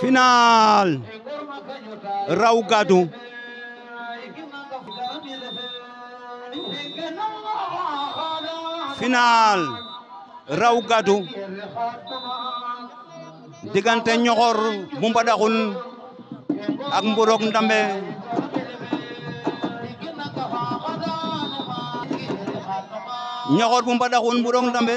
final Raugadu final Raugadu digante ñoxor bu mbadaxun ak mburok ndambe ñoxor bu mbadaxun mburok ndambe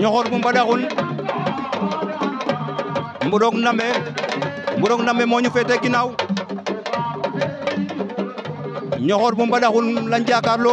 ñoxor bu mba mbadaxun mburok ndame mburok ndame moo ñu féete ginnaaw ñoxor bu mba daxul lañ jaakarlo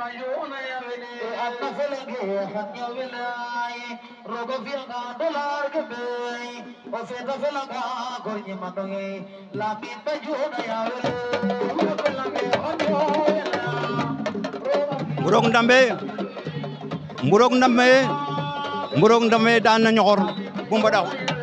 مجنون يبني الطفل جيحك ولاي روغ في القا دولار كبي وفي طفل قا كوني مدوي لا بيت مجنون يبني mburok ndambe mburok ndambe mburok ndambe daan na ñoxor bu mba daw